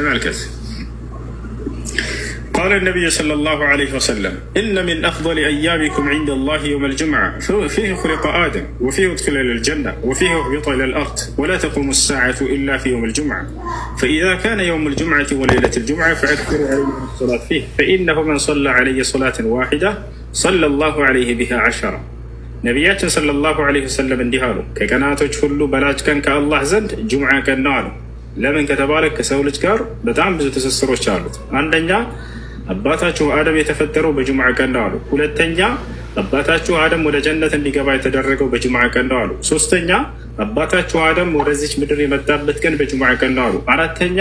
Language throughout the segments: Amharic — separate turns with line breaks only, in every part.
المعكز قال النبي صلى الله عليه وسلم إن من أفضل أيامكم عند الله يوم الجمعة فيه خلق آدم وفيه أدخل إلى الجنة وفيه أهبط إلى الأرض ولا تقوم الساعة إلا في يوم الجمعة فإذا كان يوم الجمعة وليلة الجمعة فأكثروا عليهم الصلاة فيه فإنه من صلى عليه صلاة واحدة صلى الله عليه بها عشرة نبيات صلى الله عليه وسلم አሉ፣ كي ሁሉ تجفل ቀን كان كالله ጁምዓ جمعة ነው ለምን ከተባለ ከሰው ልጅ ጋር በጣም ብዙ ትስስሮች አሉት። አንደኛ አባታችሁ አደም የተፈጠረው በጅሙዓ ቀን ነው አሉ። ሁለተኛ አባታችሁ አደም ወደ ጀነት እንዲገባ የተደረገው በጅሙዓ ቀን ነው አሉ። ሶስተኛ አባታችሁ አደም ወደዚች ምድር የመጣበት ቀን በጅሙዓ ቀን ነው አሉ። አራተኛ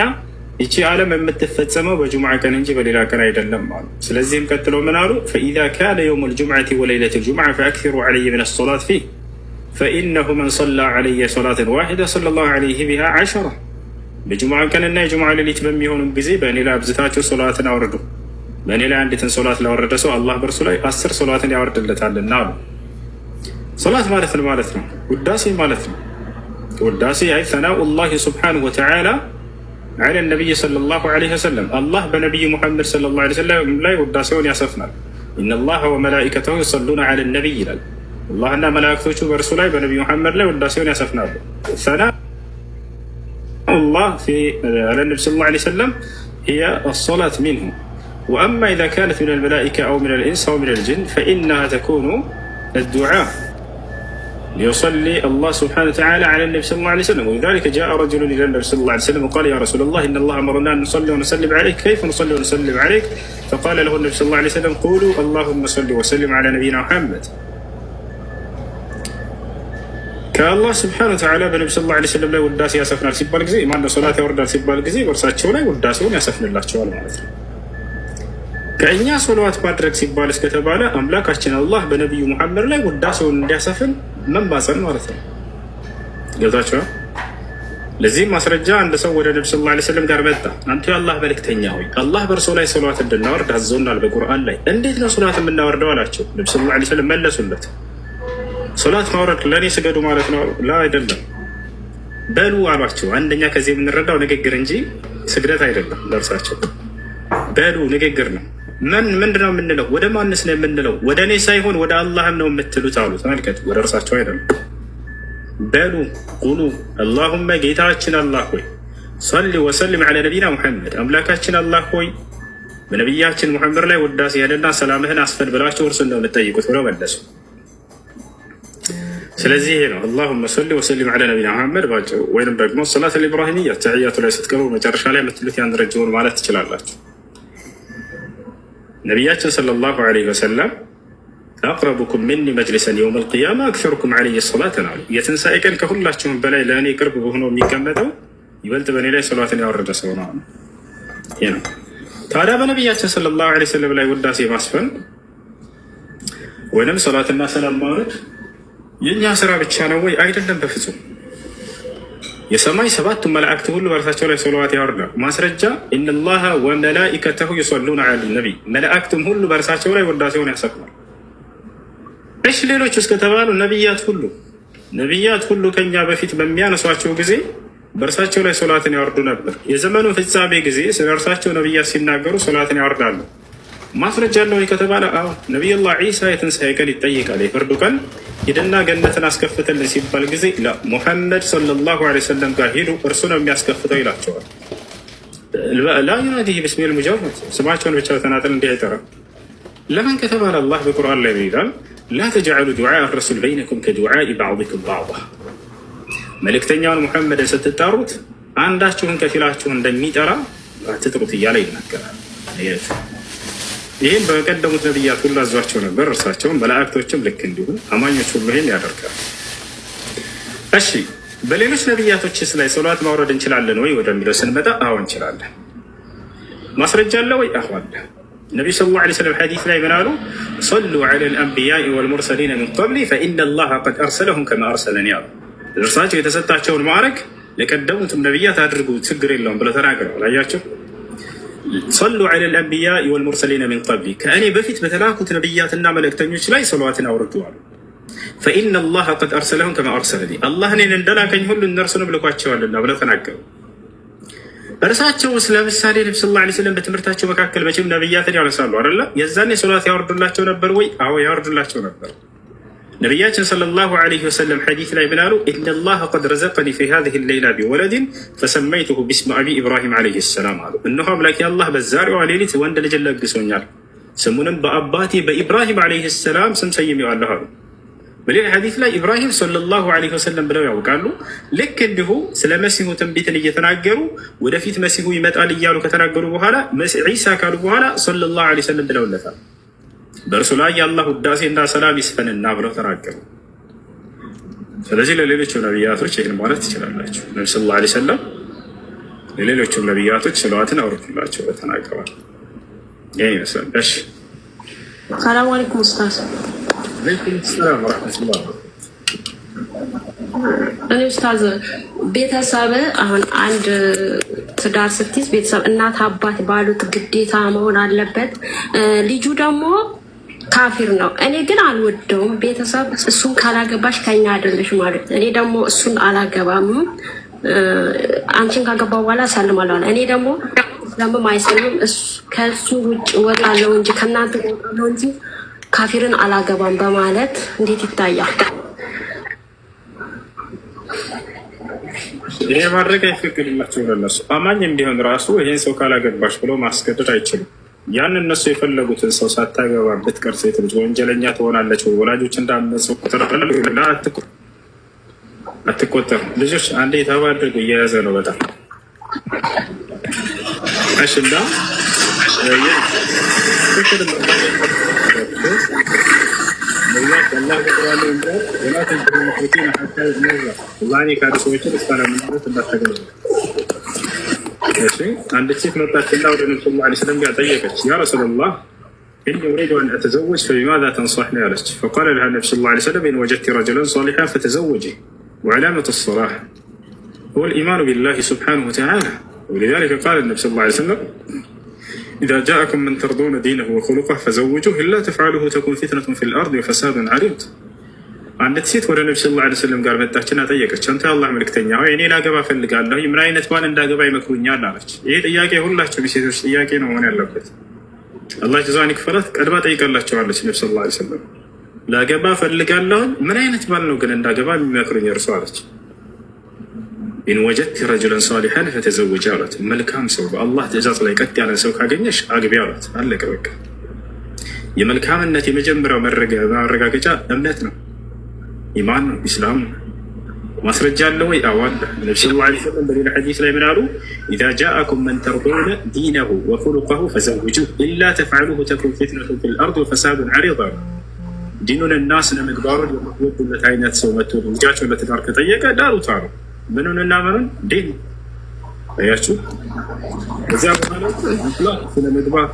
ይቺ ዓለም የምትፈጸመው በጅሙዓ ቀን እንጂ በሌላ ቀን አይደለም አሉ። ስለዚህም ቀጥሎ ምን አሉ? ፈኢዛ ካነ የውም ልጅሙዓቲ ወለይለት ልጅሙዓ ፈአክሲሩ ዓለይ ምን ሰላት ፊህ ፈኢነሁ መን ሰላ ዓለየ ሰላትን ዋሂደ ሰለላሁ ላሁ ዓለይህ ቢሃ ዓሸራ በጅሙዓ ቀንና የጅሙዓ ሌሊት በሚሆኑም ጊዜ በእኔ ላይ አብዝታችሁ ሶላትን አውርዱ። በእኔ ላይ አንዲትን ሶላት ላወረደ ሰው አላህ በእርሱ ላይ አስር ሶላትን ያወርድለታልና አሉ። ሶላት ማለት ነው ማለት ነው ውዳሴ ማለት ነው ውዳሴ አይ ሰናኡላህ ሱብሓነሁ ወተዓላ አለ ነቢይ ሰለላሁ ዐለይሂ ወሰለም አላህ በነቢይ ሙሐመድ ሰለላሁ ዐለይሂ ወሰለም ላይ ውዳሴውን ያሰፍናል። ኢነላህ ወመላኢከተሁ ይሰሉነ ዐለ ነቢይ ይላል። አላህና መላእክቶቹ በእርሱ ላይ በነቢይ ሙሐመድ ላይ ውዳሴውን ያሰፍናሉ። الله في على النبي صلى الله عليه وسلم هي الصلاة منه وأما إذا كانت من الملائكة أو من الإنس أو من الجن فإنها تكون الدعاء ليصلي الله سبحانه وتعالى على النبي صلى الله عليه وسلم ولذلك جاء رجل إلى النبي صلى الله عليه وسلم وقال يا رسول الله إن الله أمرنا أن نصلي ونسلم عليك كيف نصلي ونسلم عليك فقال له النبي صلى الله عليه وسلم قولوا اللهم صل وسلم على نبينا محمد ከአላህ ስብሐነሁ ወተዓላ በነቢ ሰለላሁ ዓለይሂ ወሰለም ላይ ውዳሴ ያሰፍናል ሲባል ጊዜ ማነው ሶላት ያወርዳል ሲባል ጊዜ በእርሳቸው ላይ ውዳሴውን ያሰፍንላቸዋል ማለት ነው። ከእኛ ሶለዋት ማድረግ ሲባል እስከተባለ አምላካችን አላህ በነቢዩ መሐመድ ላይ ውዳሴውን እንዲያሰፍን መማፀን ማለት ነው። ገብታችኋል? ለዚህም ማስረጃ አንድ ሰው ወደ ነቢ ሰለላሁ ዓለይሂ ወሰለም ጋር መጣ። አንተ የአላህ መልእክተኛ ሆይ አላህ በእርሶ ላይ ሶለዋት እንድናወርድ አዘውናል በቁርአን ላይ እንዴት ነው ሶለዋት የምናወርደው አላቸው። ነቢ ሰለላሁ ዓለይሂ ወሰለም መለሱለት ሶላት ማውረድ ለእኔ ስገዱ ማለት ነው ላ አይደለም በሉ አሏቸው። አንደኛ ከዚህ የምንረዳው ንግግር እንጂ ስግደት አይደለም። ለእርሳቸው በሉ ንግግር ነው። ምን ምንድነው የምንለው? ወደ ማንስ ነው የምንለው? ወደ እኔ ሳይሆን ወደ አላህም ነው የምትሉት አሉት። መልከት ወደ እርሳቸው አይደለም። በሉ ቁሉ አላሁመ ጌታችን አላህ ሆይ ሰሊ ወሰልም ዐለ ነቢና ሙሐመድ አምላካችን አላህ ሆይ በነቢያችን ሙሐመድ ላይ ውዳሴ ያለና ሰላምህን አስፈን ብላቸው እርሱን ነው የምጠይቁት ብለው መለሱ። ስለዚህ ይሄ ነው አላሁመ ሰሊ ወሰሊም ዐላ ነቢና መሐመድ ባጭሩ። ወይም ደግሞ ሰላት ልብራሂምያ ተዕያቱ ላይ ስትገቡ መጨረሻ ላይ የምትሉት ያን ረጅሙን ማለት ትችላላችሁ። ነቢያችን ሰለላሁ ዐለይሂ ወሰለም አቅረቡኩም ሚኒ መጅሊሰን የውም ልቅያማ አክሰሩኩም ዐለይሂ ሰላተን አሉ። የትንሣኤ ቀን ከሁላችሁም በላይ ለእኔ ቅርብ ሆኖ የሚቀመጠው ይበልጥ በእኔ ላይ ሰላትን ያወረደ ሰው ነው። ታዲያ በነቢያችን ሰለላሁ ዐለይሂ ወሰለም ላይ ውዳሴ ማስፈን ወይንም ሰላትና ሰላም ማውረድ የእኛ ስራ ብቻ ነው ወይ? አይደለም፣ በፍጹም የሰማይ ሰባቱ መላእክት ሁሉ በራሳቸው ላይ ሰለዋት ያወርዳሉ። ማስረጃ ኢነላሃ ወመላኢከተሁ ይሰሉነ አለ ነቢይ፣ መላእክትም ሁሉ በራሳቸው ላይ ውዳሴውን ያሰማል። እሺ ሌሎች እስከተባሉ ነቢያት ሁሉ ነቢያት ሁሉ ከኛ በፊት በሚያነሷቸው ጊዜ በእርሳቸው ላይ ሶላትን ያወርዱ ነበር። የዘመኑ ፍጻሜ ጊዜ ስለ እርሳቸው ነቢያት ሲናገሩ ሶላትን ያወርዳሉ። ማስረጃ አለ ወይ ከተባለ አዎ፣ ነቢዩላህ ዒሳ የትንሣኤ ቀን ይጠይቃል፣ የፍርዱ ቀን ሂድና ገነትን አስከፍትልን ሲባል ጊዜ ሙሐመድ ሰለላሁ ዐለይሂ ወሰለም ጋር ሂዱ እርሱ ነው የሚያስከፍተው ይላቸዋል። ላ ዩናዲህ ብስሚል ሙጀመድ ስማቸውን ብቻ በተናጠል እንዲህ አይጠራም። ለምን ከተባለ አላህ በቁርአን ላይ ይላል ላ ተጅዐሉ ዱዓ ረሱል በይነኩም ከዱዓ ባዕድኩም ባዕዳ መልእክተኛውን ሙሐመድን ስትጠሩት አንዳችሁን ከፊላችሁ እንደሚጠራ አትጥሩት እያለ ይናገራል። ይህን በቀደሙት ነቢያት ሁሉ አዟቸው ነበር። እርሳቸውም መላእክቶችም ልክ እንዲሁም አማኞች ሁሉ ይህን ያደርጋል። እሺ፣ በሌሎች ነቢያቶችስ ላይ ሰሏት ማውረድ እንችላለን ወይ ወደሚለው ስንመጣ፣ አዎ እንችላለን። ማስረጃ አለ ወይ? አሁ አለ። ነቢዩ ስለ ላ ስለም ሐዲስ ላይ ምን አሉ? ሰሉ ዐላ ልአንቢያኢ ወልሙርሰሊን ምን ቀብሊ ፈኢነ ላሀ ቀድ አርሰለሁም ከማ አርሰለኒ አሉ። እርሳቸው የተሰጣቸውን ማዕረግ ለቀደሙትም ነቢያት አድርጉ ችግር የለውም ብለው ተናግረዋል። አያቸው ሰሉ ዐለል አንቢያ ወልሙርሰሊነ ሚን ቀብሊ ከእኔ በፊት በተላኩት ነቢያትና መልእክተኞች ላይ ሰሏትን አውርዱ አሉ። ፈኢነ ላህ ቀድ አርሰለሁም ከማ አርሰለኒ አላህ እኔን እንደላከኝ ሁሉ እነርሱንም ልኳቸዋልና ብለው ተናገሩ። እርሳቸውስ ለምሳሌ ነቢ ስ ላ ስለም በትምህርታቸው መካከል መቼም ነቢያትን ያነሳሉ አይደለ? የዛኔ ሰሏት ያወርዱላቸው ነበር ወይ? አዎ ያወርዱላቸው ነበር። ነቢያችን ሰለላሁ ዐለይሂ ወሰለም ሐዲስ ላይ ምናሉ ኢነላህ ቀድ ረዘቀኒ ፊ ሃዚሂ ሌይላ ቢወለድን ፈሰመይቱሁ ቢስሚ አቢ ኢብራሂም ዐለይሂ ሰላም አሉ። እነሆ አምላኬ አላህ በዛሬዋ ሌሊት ወንድ ልጅ ለግሶኛል፣ ስሙንም በአባቴ በኢብራሂም ዐለይሂ ሰላም ስም ሰይሜዋለሁ አሉ። በሌላ ሐዲስ ላይ ኢብራሂም ሰለላሁ ዐለይሂ ወሰለም ብለው ያውቃሉ። ልክ እንዲሁ ስለ መሲሁ ትንቢትን እየተናገሩ ወደፊት መሲሁ ይመጣል እያሉ ከተናገሩ በኋላ ዒሳ ካሉ በኋላ ሰለላሁ ዐለይሂ ወሰለም ብለውለታል። በእርሱ ላይ የአላህ ውዳሴና ሰላም ይስፈንና ብለው ተናገሩ። ስለዚህ ለሌሎች ነቢያቶች ይህን ማለት ትችላላችሁ። ነቢ ስ ላ ሰለም ለሌሎችም ነቢያቶች ስለዋትን አውርዱላቸው በተናገሯል። ይህ ይመስላል። እሺ፣
ሰላም አለይኩም ኡስታዝ።
ሰላም ረመቱላ።
እኔ ኡስታዝ ቤተሰብ አሁን አንድ ትዳር ስትይዝ ቤተሰብ እናት አባት ባሉት ግዴታ መሆን አለበት። ልጁ ደግሞ ካፊር ነው። እኔ ግን አልወደውም። ቤተሰብ እሱን ካላገባሽ ከኛ አይደለሽ ማለት። እኔ ደግሞ እሱን አላገባም። አንቺን ካገባ በኋላ እሳልማለሁ አለ። እኔ ደግሞ ለምም አይሰልም። ከእሱ ውጭ እወጣለሁ እንጂ ከእናንተ እወጣለሁ እንጂ ካፊርን አላገባም በማለት እንዴት ይታያል?
ይሄ ማድረግ አይፈቅድላቸው ለነሱ። አማኝ እንዲሆን ራሱ ይህን ሰው ካላገባሽ ብሎ ማስገደድ አይችልም። ያን እነሱ የፈለጉትን ሰው ሳታገባ ብትቀር ሴት ልጅ ወንጀለኛ ትሆናለች ወላጆች እንዳመፁ ቁጥር አትቆጠር። ልጆች አንዴ የተባደጉ እየያዘ ነው በጣም እሽና ላ الله አንድ ሴት صلى الله عليه وسلم قال ጋር يا رسول الله إني أريد أن أتزوج فبماذا تنصحني يا ألت فقال لها النبي صلى الله عليه وسلم إن وجدت رجلا صالحا فتزوجي وعلامة الصلاح هو الإيمان بالله سبحانه وتعالى ولذلك قال النبي صلى الله عليه وسلم إذا جاءكم من ترضون دينه وخلقه فزوجوه إلا تفعله تكون فتنة في الأرض وفساد عريض አንዲት ሴት ወደ ነቢ ስለ ላ ስለም ጋር መጣችና ጠየቀች፣ አንተ የአላህ ምልክተኛ ሆይ እኔ ላገባ ፈልጋለሁ ምን አይነት ባል እንዳገባ ይመክሩኛል አለች። ይሄ ጥያቄ ሁላቸው ሴቶች ጥያቄ ነው መሆን ያለበት። አላህ ጀዛን ይክፈላት። ቀድማ ጠይቀላቸዋለች ነቢ ስለ ላ ስለም ላገባ እፈልጋለሁ፣ ምን አይነት ባል ነው ግን እንዳገባ የሚመክሩኝ እርሱ አለች። ኢን ወጀድት ረጅለን ሳሊሐን ፈተዘወጂ አሏት። መልካም ሰው በአላህ ትእዛዝ ላይ ቀጥ ያለ ሰው ካገኘሽ አግቢ አሏት። አለቀ በቃ። የመልካምነት የመጀመሪያው ማረጋገጫ እምነት ነው። ኢማን ኢስላም ነው። ማስረጃ አለ ወይ? አዎ አለ። ነብዩ ዐለይሂ ወሰለም በሌላ ሐዲስ ላይ ምን አሉ? ኢዛ ጃአኩም መን ተርዶነ ዲነሁ ወኹሉቀሁ ፈዘውጁ ኢላ ተፍዐሉሁ ተኩን ፊትነቱን ፊል አርድ ወፈሳዱን ዐሪዳ። ዲኑን እና ስነ ምግባሩን የምትወዱለት አይነት ሰው መጥቶ ልጃቸውን ለትዳር ከጠየቀ ዳሩታ ነው። ምኑን እና ምኑን ዲን ያችሁ እዚያ በኋላ ስነ ምግባር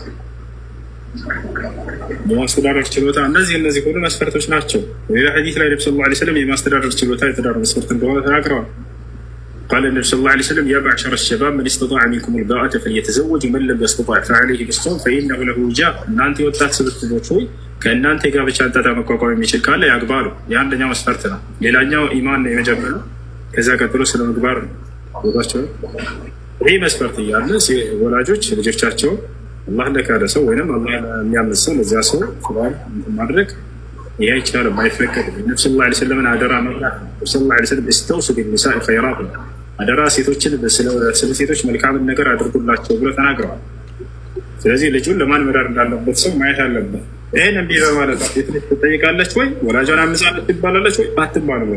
የማስተዳደር ችሎታ እነዚህ እነዚህ ሁሉ መስፈርቶች ናቸው። ሌላ ሐዲስ ላይ ነብ ስ ዐለይሂ የማስተዳደር ችሎታ የትዳር መስፈርት እንደሆነ ተናግረዋል። ቃለ ነቢ ሰለላሁ ዐለይሂ ወሰለም ያ ሸባብ መን ኢስተጣዐ ሚንኩም አልባአተ ፈልየተዘወጅ ወመን ለም የስተጣዕ ፈዐለይሂ ቢሶም ፈኢንነሁ ለሁ ዊጃህ። እናንተ የወጣት ስብስቦች ሆይ ከእናንተ የጋብቻን ጣጣ መቋቋም የሚችል ካለ ያግባሉ። የአንደኛው መስፈርት ነው። ሌላኛው ኢማን ነው የመጀመሪያው። ከዚያ ቀጥሎ ስለ ምግባር ነው። ይህ መስፈርት እያለ ወላጆች ልጆቻቸውን አላህ ለካደ ሰው ወይም አላህ ለሚያምን ሰው ሰው ቁርአን ማድረግ ይህ አይቻልም፣ አይፈቀድም። ነብስ ላ ስለምን አደራ መብላት ነብስ ላ ስለም ቢኒሳ ኸይራት አደራ ሴቶችን ስለ ሴቶች መልካምን ነገር አድርጉላቸው ብሎ ተናግረዋል። ስለዚህ ልጁን ለማን መዳር እንዳለበት ሰው ማየት አለበት። ይህን እንዲህ በማለት ሴት ልጅ ትጠይቃለች ወይ ወላጇን አምጻለች ትባላለች ወይ አትባሉ።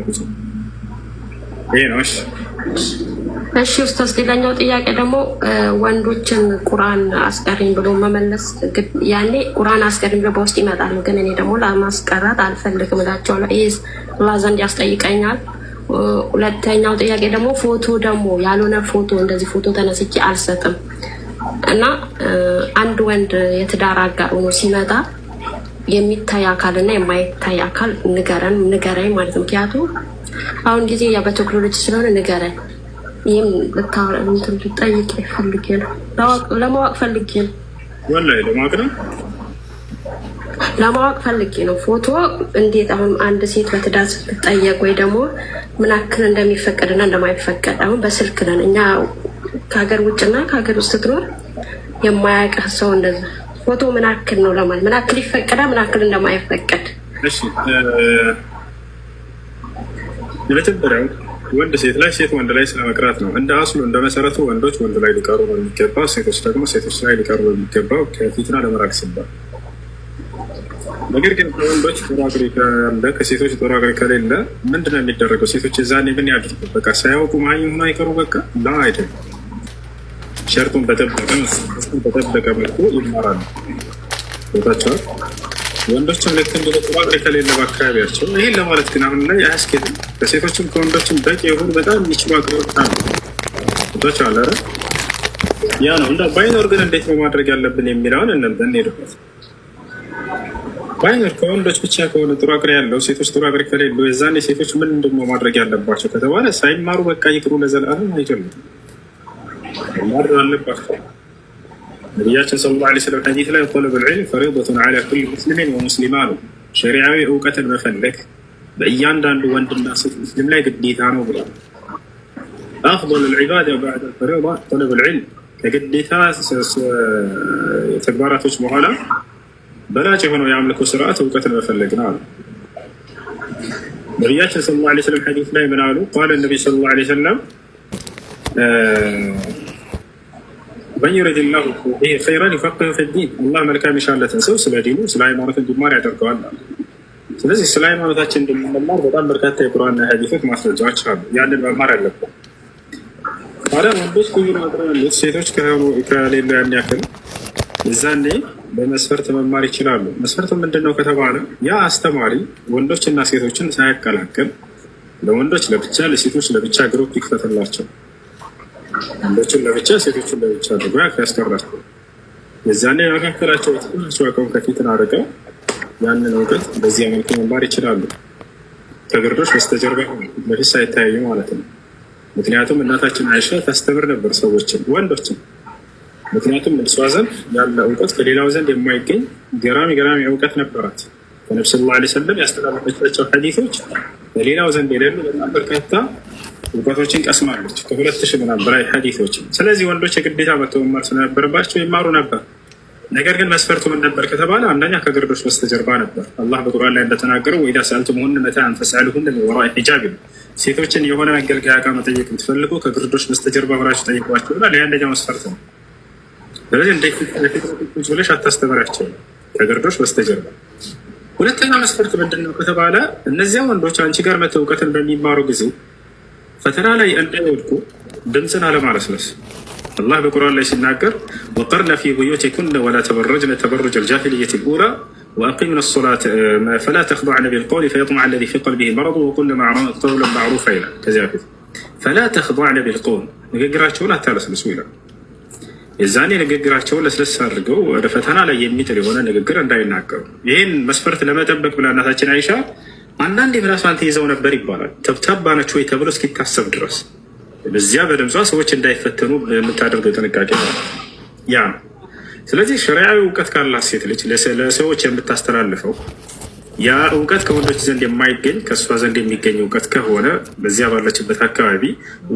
ይሄ ነው።
እሺ ኡስታዝ፣ ሌላኛው ጥያቄ ደግሞ ወንዶችን ቁርአን አስቀሪኝ ብሎ መመለስ፣ ያኔ ቁርአን አስቀሪኝ ብሎ በውስጥ ይመጣል ግን እኔ ደግሞ ለማስቀራት አልፈልግም እላቸዋለሁ። ይህ አላህ ዘንድ ያስጠይቀኛል። ሁለተኛው ጥያቄ ደግሞ ፎቶ ደግሞ ያልሆነ ፎቶ እንደዚህ ፎቶ ተነስቼ አልሰጥም እና አንድ ወንድ የትዳር አጋር ሆኖ ሲመጣ የሚታይ አካል እና የማይታይ አካል ንገረን ንገረኝ ማለት ምክንያቱ አሁን ጊዜ በቴክኖሎጂ ስለሆነ ንገረኝ ይህም ልታወራትን ልጠይቅ ፈልጌ ነው፣ ለማወቅ ፈልጌ ነው።
ወላሂ ለማወቅ ነው
ለማወቅ ፈልጌ ነው። ፎቶ እንዴት አሁን አንድ ሴት በትዳር ስትጠየቅ ወይ ደግሞ ምን ያክል እንደሚፈቀድና እንደማይፈቀድ አሁን በስልክ ነን እኛ ከሀገር ውጭና ከሀገር ውስጥ ስትኖር የማያውቅህ ሰው እንደዛ ፎቶ ምን ያክል ነው ለማለት ምን ያክል ይፈቀዳል፣ ምን ያክል እንደማይፈቀድ
ወንድ ሴት ላይ ሴት ወንድ ላይ ስለመቅራት ነው። እንደ አስሉ እንደ መሰረቱ ወንዶች ወንድ ላይ ሊቀሩ ነው የሚገባው፣ ሴቶች ደግሞ ሴቶች ላይ ሊቀሩ ነው የሚገባው ከፊትና ለመራቅ ሲባል። ነገር ግን ከወንዶች ጦራግሪ ካለ ከሴቶች ጦራግሪ ከሌለ ምንድን ነው የሚደረገው? ሴቶች የዛኔ ምን ያድርጉ? በቃ ሳያውቁ ማኝ ሆኖ አይቀሩ። በቃ ላ አይደለም። ሸርጡን በጠበቀ መልኩ ይማራሉ። ቦታቸዋል ወንዶችም ልክ እንደ ተቆራጥ ከሌለ በአካባቢያቸው ይህን ለማለት ግን አሁን ላይ አያስኬድም። ከሴቶችም ከወንዶችም በቂ የሆኑ በጣም የሚችሉ አቅሮች አሉ። ቶች አለ ያ ነው እንደ ባይኖር ግን እንዴት ነው ማድረግ ያለብን የሚለውን እንሄድበት። ባይኖር ከወንዶች ብቻ ከሆነ ጥሩ አቅር ያለው ሴቶች ጥሩ አቅር ከሌሉ የዛኔ ሴቶች ምን እንደሞ ማድረግ ያለባቸው ከተባለ ሳይማሩ በቃ ይቅሩ ለዘላለም አይደለም ማድረግ አለባቸው። ነቢያችን ሰለላሁ ዐለይሂ ወሰለም ሐዲት ላይ ጠለቡል ዒልም ፈሪደቱን ዐላ ኩሊ ሙስሊሚን ወሙስሊማ ነው። ሸሪዓዊ እውቀትን መፈለግ በእያንዳንዱ ወንድና ሴት ሙስሊም ላይ ግዴታ ነው ብሏል። አፍዶል ዒባዳ ባዕደል ፈሪዳ ጠለቡል ዒልም፣ ከግዴታ ተግባራቶች በኋላ በላጭ የሆነው የአምልኮ ስርዓት እውቀትን መፈለግ ነው አሉ። ነቢያችን ሰለላሁ ዐለይሂ ወሰለም ሐዲት ላይ ምን አሉ? ቃለ ነቢይ ሰለላሁ ዐለይሂ ወሰለም መን ዩሪድላሁ ይሄ ኸይረን ዩፈቅህ ፊዲን አላህ መልካም የሻለትን ሰው ስለ ዲኑ ስለ ሃይማኖት እንዲማር ያደርገዋል። ስለዚህ ስለ ሃይማኖታችን እንድንማር በጣም በርካታ የቁርአንና የሀዲሶች ማስረጃዎች አሉ። ያንን መማር ያለብን ታዲያ ወንዶች ብዙ ያሉት ሴቶች ከሌሉ ያን ያክል እዛኔ በመስፈርት መማር ይችላሉ። መስፈርት ምንድን ነው ከተባለ ያ አስተማሪ ወንዶችና ሴቶችን ሳያቀላቅል ለወንዶች ለብቻ ለሴቶች ለብቻ ግሩፕ ይክፈትላቸው። ወንዶችን ለብቻ ሴቶችን ለብቻ አድርጎ ያስቀራል። የዛኔ መካከላቸው ትናቸው አቋም ከፊትን አድርገው ያንን እውቀት በዚህ መልኩ መማር ይችላሉ። ከግርዶች በስተጀርባ ለፊት ሳይተያዩ ማለት ነው። ምክንያቱም እናታችን አይሻ ታስተምር ነበር ሰዎችን፣ ወንዶችን። ምክንያቱም እርሷ ዘንድ ያለ እውቀት ከሌላው ዘንድ የማይገኝ ገራሚ ገራሚ እውቀት ነበራት። ከነብስ ላ ሰለም ወሰለም ያስተላለፈቻቸው ሐዲሶች ከሌላው ዘንድ የሌሉ በጣም በርካታ እውቀቶችን ቀስማለች ከሁለት ሺህ ምናምን በላይ ሀዲቶችን። ስለዚህ ወንዶች የግዴታ መተመማር ስለነበረባቸው ይማሩ ነበር። ነገር ግን መስፈርቱ ምን ነበር ከተባለ አንደኛ ከግርዶች በስተጀርባ ነበር። አላህ በቁርአን ላይ እንደተናገረው ወኢዛ ሰአልቱሙሁነ መታዕን ፈስአሉሁነ ወራ ሂጃብ ሒጃብ። ሴቶችን የሆነ መገልገያ ዕቃ መጠየቅ የምትፈልጉ ከግርዶች በስተጀርባ ብላችሁ ጠይቋቸው ይላል። የአንደኛው መስፈርት ነው። ስለዚህ እንደ ቁጭ ብለሽ አታስተምሪያቸው ከግርዶች በስተጀርባ ሁለተኛ መስፈርት ምንድን ነው ከተባለ እነዚያ ወንዶች አንቺ ጋር መተው እውቀትን በሚማሩ ጊዜ ፈተና ላይ እንዳይወድቁ ድምፅን አለማለስለስ አላህ በቁርአን ላይ ሲናገር ወቀርነ ፊ ቡዩቲኩነ ወላ ተበረጅነ ተበሩጅ አልጃሂልየት ልኡላ ወአቂምነ ሶላት ፈላ ተኽضዕነ ቢልቀውል ፈየጥመዐ ለዚ ፊ ቀልቢሂ መረዱ ወቁልነ ቀውለን ማዕሩፋ ይላል። ከዚያ በፊት ፈላ ተኽضዕነ ቢልቀውል ንግግራቸውን አታለስልሱ ይላል። የዛኔ ንግግራቸውን ለስለስ አድርገው ወደ ፈተና ላይ የሚጥል የሆነ ንግግር እንዳይናገሩ ይህን መስፈርት ለመጠበቅ ብላ እናታችን አይሻ አንዳንዴ ምላሷን ይዘው ነበር ይባላል። ተብታባ ነች ወይ ተብሎ እስኪታሰብ ድረስ በዚያ በድምጿ ሰዎች እንዳይፈተኑ የምታደርገው ጥንቃቄ ያ ነው። ስለዚህ ሸሪዓዊ እውቀት ካላት ሴት ልጅ ለሰዎች የምታስተላልፈው ያ እውቀት ከወንዶች ዘንድ የማይገኝ ከእሷ ዘንድ የሚገኝ እውቀት ከሆነ በዚያ ባለችበት አካባቢ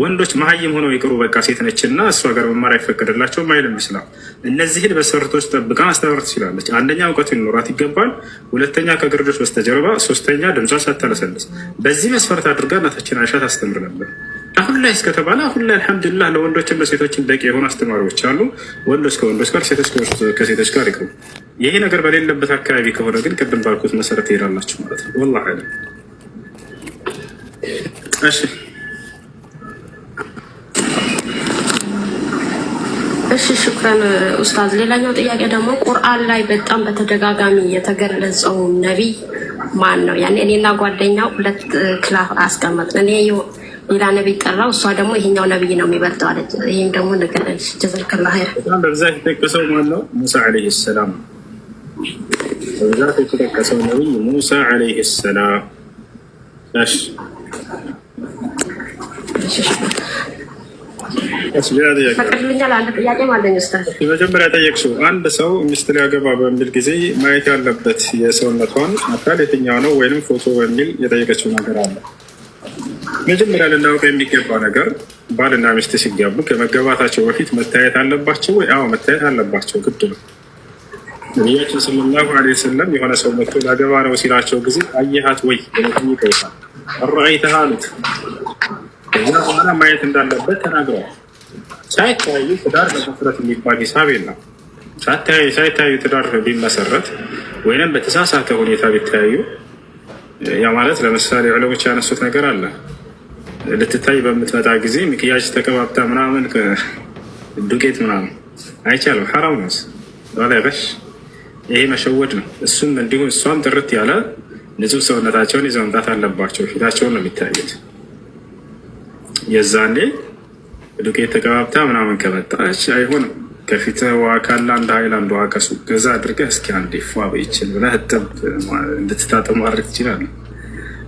ወንዶች መሀይም ሆነው ይቅሩ፣ በቃ ሴት ነች እና እሷ ጋር መማር አይፈቀድላቸውም አይልም ይችላል። እነዚህን መሰረቶች ጠብቃ ማስተማር ትችላለች። አንደኛ እውቀቱ ይኖራት ይገባል፣ ሁለተኛ ከግርዶች በስተጀርባ፣ ሶስተኛ ድምጿ ሳታለሰልስ። በዚህ መስፈርት አድርጋ እናታችን አይሻ ታስተምር ነበር። አሁን ላይ እስከተባለ አሁን ላይ አልሐምዱሊላህ ለወንዶችም ለሴቶችም በቂ የሆኑ አስተማሪዎች አሉ። ወንዶች ከወንዶች ጋር፣ ሴቶች ከሴቶች ጋር ይቅሩ። ይሄ ነገር በሌለበት አካባቢ ከሆነ ግን ቅድም ባልኩት መሰረት ይሄዳላችሁ ማለት ነው። ወላሂ አይደል? እሺ
እሺ፣ ሽኩረን ኡስታዝ። ሌላኛው ጥያቄ ደግሞ ቁርአን ላይ በጣም በተደጋጋሚ የተገለጸው ነቢይ ማን ነው? ያኔ እኔና ጓደኛው ሁለት ክላፍ አስቀመጥን። እኔ ሌላ ነቢይ ጠራው። እሷ ደግሞ ይሄኛው ነቢይ ነው የሚበልጠው አለች። ይህም ደግሞ ንገረልሽ። ጀዘክላ ኸይር።
በብዛት የተጠቀሰው ማነው? ሙሳ ዓለይሂ ሰላም። በብዛት የተጠቀሰው ነቢይ ሙሳ ዓለይሂ ሰላም። እሺ
ፈቀድልኛል። አንድ
መጀመሪያ ጠየቅሽው አንድ ሰው ሚስት ሊያገባ በሚል ጊዜ ማየት ያለበት የሰውነቷን አካል የትኛው ነው ወይም ፎቶ በሚል የጠየቀችው ነገር አለ መጀመሪያ ልናውቀው የሚገባ ነገር ባልና ሚስት ሲጋቡ ከመገባታቸው በፊት መታየት አለባቸው ወይ? አዎ መታየት አለባቸው፣ ግድ ነው። ነቢያችን ሰለላሁ ዐለይሂ ወሰለም የሆነ ሰው መጥቶ ላገባ ነው ሲላቸው ጊዜ አየሃት ወይ ይጠይቀውታል። አራአይተሃ አሉት። ከዛ በኋላ ማየት እንዳለበት ተናግረዋል። ሳይታዩ ትዳር ለመሰረት የሚባል ሂሳብ የለም። ሳይታዩ ትዳር ቢመሰረት ወይንም በተሳሳተ ሁኔታ ቢታዩ ያ ማለት ለምሳሌ ዕለሞች ያነሱት ነገር አለ ልትታይ በምትመጣ ጊዜ ምክያጅ ተቀባብታ ምናምን ዱቄት ምናምን አይቻልም። ሐራም ነው ላይ ሽ ይሄ መሸወድ ነው። እሱም እንዲሁም እሷም ጥርት ያለ ንጹህ ሰውነታቸውን ይዘው መምጣት አለባቸው። ፊታቸውን ነው የሚታዩት። የዛኔ ዱቄት ተቀባብታ ምናምን ከመጣች አይሆንም። ከፊት ውሃ ካለ አንድ ሀይል አንድ ውሃ ከሱ ገዛ አድርገህ እስኪ አንድ ፏ በይችል ብለህ እንድትታጠሙ ማድረግ ትችላለህ።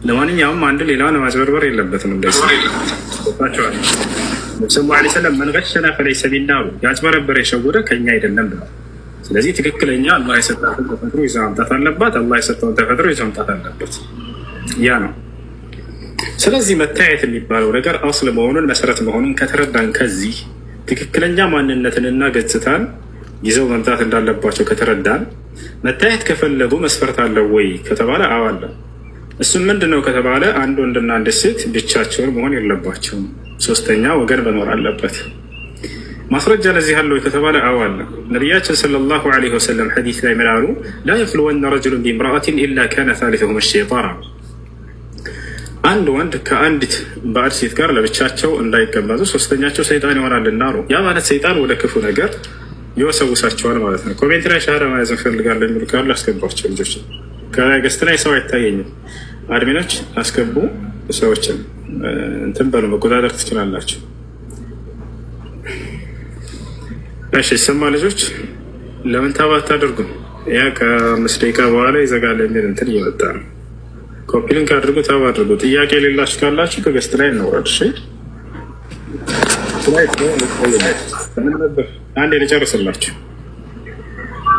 ለማንኛውም አንድ ሌላውን ማጭበርበር የለበትም። እንደዚህ ነብስ ላ ሰለም መንቀሸና ፈለይሰ ሚና አሉ ያጭበረበረ የሸወደ ከኛ አይደለም ብለው። ስለዚህ ትክክለኛ አላህ የሰጣትን ተፈጥሮ ይዞ መምጣት አለባት። አላህ የሰጠውን ተፈጥሮ ይዞ መምጣት አለበት። ያ ነው። ስለዚህ መታየት የሚባለው ነገር አስል መሆኑን መሰረት መሆኑን ከተረዳን ከዚህ ትክክለኛ ማንነትንና ገጽታን ይዘው መምጣት እንዳለባቸው ከተረዳን መታየት ከፈለጉ መስፈርት አለው ወይ ከተባለ አዋለን እሱ ምንድን ነው ከተባለ አንድ ወንድና አንድ ሴት ብቻቸውን መሆን የለባቸውም፣ ሶስተኛ ወገን መኖር አለበት። ማስረጃ ለዚህ አለው ከተባለ አዎ አለ። ነቢያችን ሰለላሁ ዐለይሂ ወሰለም ሐዲስ ላይ ምን አሉ? ላ የኽልወነ ረጅሉን ቢምራአትን ኢላ ካነ ሳሊሰሁም ሸይጣን። አንድ ወንድ ከአንዲት ባዕድ ሴት ጋር ለብቻቸው እንዳይገባዙ ሶስተኛቸው ሰይጣን ይሆናል እናሩ። ያ ማለት ሰይጣን ወደ ክፉ ነገር ይወሰውሳቸዋል ማለት ነው። ኮሜንት ላይ ሻህዳ መያዝ እንፈልጋለን የሚሉ ካሉ አስገባቸው ልጆች ከገስት ላይ ሰው አይታየኝም። አድሚኖች አስገቡ፣ ሰዎችን እንትን በሉ፣ መቆጣጠር ትችላላችሁ። እሺ ስማ ልጆች፣ ለምን ታባ አድርጉም? ያ ከአምስት ደቂቃ በኋላ ይዘጋል የሚል እንትን እየመጣ ነው። ኮፒ ሊንክ አድርጉ፣ ታብ አድርጉ። ጥያቄ የሌላችሁ ካላችሁ ከገስት ላይ እንውረድ። እሺ አንድ ልጨርስላችሁ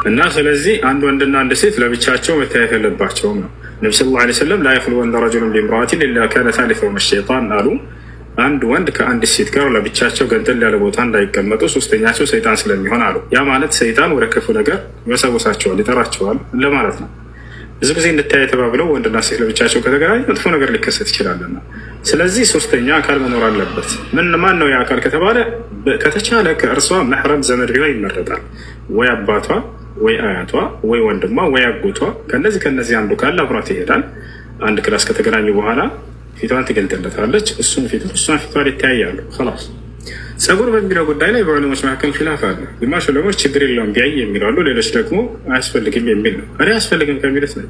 እና ስለዚህ አንድ ወንድና አንድ ሴት ለብቻቸው መታየት ያለባቸውም ነው ነቢ ስ ላ ሰለም ላ የክልወነ ረጅሉን ቢምራአቲን ላ ካነ ታሊሰሁማ ሸይጣን አሉ። አንድ ወንድ ከአንድ ሴት ጋር ለብቻቸው ገንጠል ያለ ቦታ እንዳይቀመጡ ሶስተኛቸው ሰይጣን ስለሚሆን አሉ። ያ ማለት ሰይጣን ወደ ክፉ ነገር ይወሳወሳቸዋል፣ ይጠራቸዋል ለማለት ነው። ብዙ ጊዜ እንታይ ተባብለው ወንድና ሴት ለብቻቸው ከተገናኝ መጥፎ ነገር ሊከሰት ይችላልና፣ ስለዚህ ሶስተኛ አካል መኖር አለበት። ምን ማን ነው የአካል ከተባለ ከተቻለ ከእርሷ መሕረም ዘመድ ቢሆን ይመረጣል ወይ አባቷ ወይ አያቷ ወይ ወንድሟ ወይ አጎቷ ከነዚህ ከነዚህ አንዱ ካለ አብሯት ይሄዳል። አንድ ክላስ ከተገናኙ በኋላ ፊቷን ትገልጥለታለች፣ እሱን ፊት እሷን ፊቷ ይተያያሉ። ላስ ጸጉር በሚለው ጉዳይ ላይ በዑለሞች መካከል ኪላፍ አለ። ግማሽ ዑለሞች ችግር የለውም ቢያይ የሚሉ ሌሎች ደግሞ አያስፈልግም የሚል ነው። እኔ አያስፈልግም ከሚሉት ነው።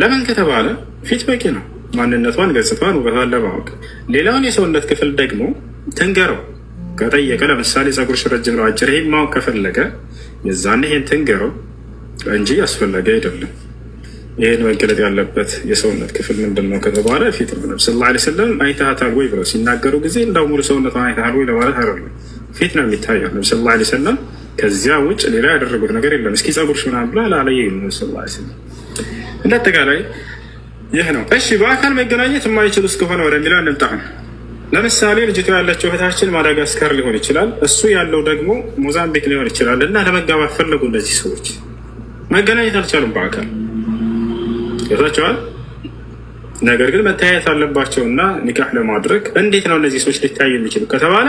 ለምን ከተባለ ፊት በቂ ነው፣ ማንነቷን፣ ገጽታዋን፣ ውበቷን ለማወቅ። ሌላውን የሰውነት ክፍል ደግሞ ትንገረው ከጠየቀ ለምሳሌ ጸጉርሽ ረጅም ነው አጭር፣ ይሄ ማወቅ ከፈለገ የዛን ይሄን ትንገረው እንጂ አስፈላጊ አይደለም። ይሄን መገለጥ ያለበት የሰውነት ክፍል ምንድን ነው ከተባለ ፊት ነው። ነብ ላ ስለም አይተሃታል ወይ ብለው ሲናገሩ ጊዜ እንዳው ሙሉ ሰውነት አይተሃል ወይ ለማለት አይደለም፣ ፊት ነው የሚታየው። ነብ ስለ ላ ስለም ከዚያ ውጭ ሌላ ያደረጉት ነገር የለም። እስኪ ጸጉር ሽና ብላ ላለየ ነብ ስለ ላ ስለም እንደ አጠቃላይ ይህ ነው። እሺ በአካል መገናኘት የማይችሉ እስከሆነ ወደሚለው እንምጣ። ለምሳሌ ልጅቷ ያለችው እህታችን ማዳጋስካር ሊሆን ይችላል፣ እሱ ያለው ደግሞ ሞዛምቢክ ሊሆን ይችላል። እና ለመጋባት ፈለጉ። እነዚህ ሰዎች መገናኘት አልቻሉም በአካል ይታቸዋል። ነገር ግን መተያየት አለባቸው እና ኒካህ ለማድረግ እንዴት ነው እነዚህ ሰዎች ሊታየ የሚችሉ ከተባለ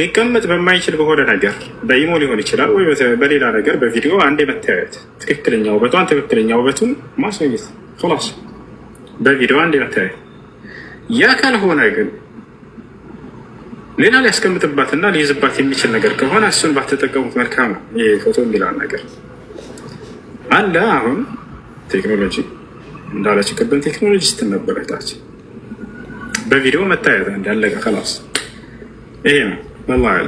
ሊቀመጥ በማይችል በሆነ ነገር በኢሞ ሊሆን ይችላል ወይ በሌላ ነገር በቪዲዮ አንዴ መተያየት፣ ትክክለኛ ውበቷን ትክክለኛ ውበቱን ማሳየት ላስ በቪዲዮ አንዴ መተያየት። ያ ካልሆነ ግን ሌላ ሊያስቀምጥባት እና ሊይዝባት የሚችል ነገር ከሆነ እሱን ባትጠቀሙት መልካም ነው። ይሄ ፎቶ የሚለውን ነገር አለ። አሁን ቴክኖሎጂ እንዳለችቅብን ቴክኖሎጂ ስትነበረታች በቪዲዮ መታየት እንዳለቀ ከላስ ይሄ ነው። ወላሂ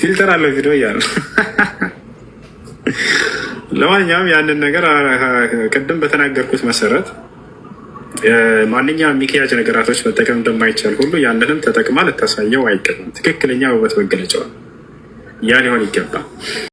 ፊልተር አለው ቪዲዮ እያለ ለማንኛውም ያንን ነገር ቅድም በተናገርኩት መሰረት ማንኛውም የሚከያጅ ነገራቶች መጠቀም እንደማይቻል ሁሉ ያንንም ተጠቅማ ልታሳየው አይገባም። ትክክለኛ ውበት መገለጫዋል ያ ሊሆን ይገባል።